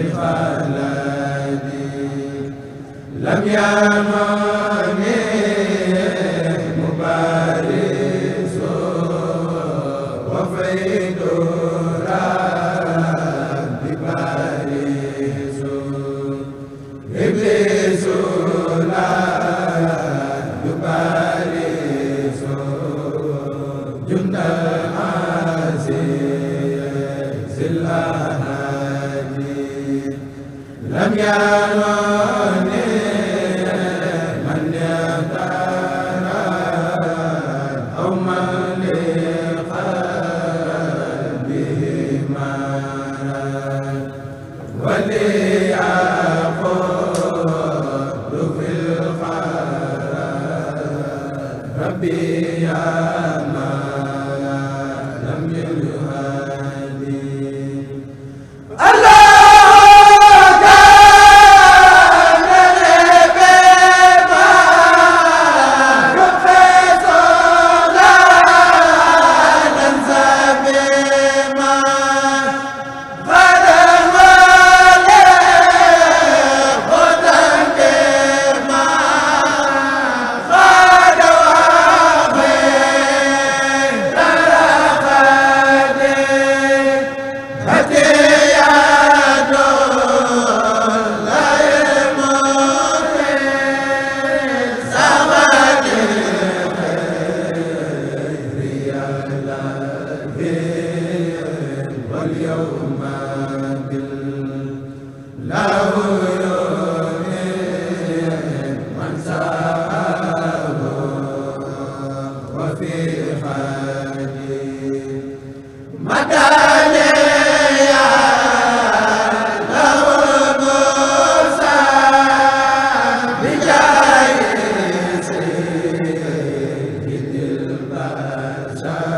junda yaa la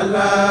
Allah